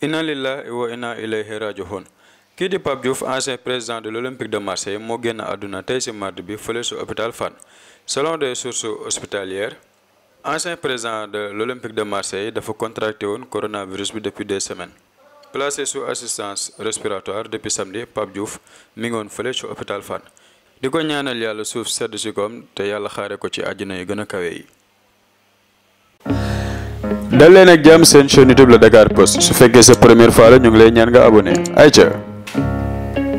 inna lillahi la inna ilayhi raji'un kii di Pape Diouf ancien président de l'Olympique de Marseille moo génn àdduna tey ci mardi bi fële ci hôpital fan selon des sources hospitalières ancien président de l'Olympique de Marseille dafa contracté woon coronavirus bi depuis des semaines placé sous assistance respiratoire depuis samedi Pape Diouf mi ngi woon fële ci hôpital Fann di ko ñaanal yàlla suuf sedd ci koom te yàlla xaare ko ci àjjana yu gën a kawe yi dal leen ak jàmm seen chaîne la Dakar Post su fekkee sa première fois la ñu ngi lay ñaan nga abonné ca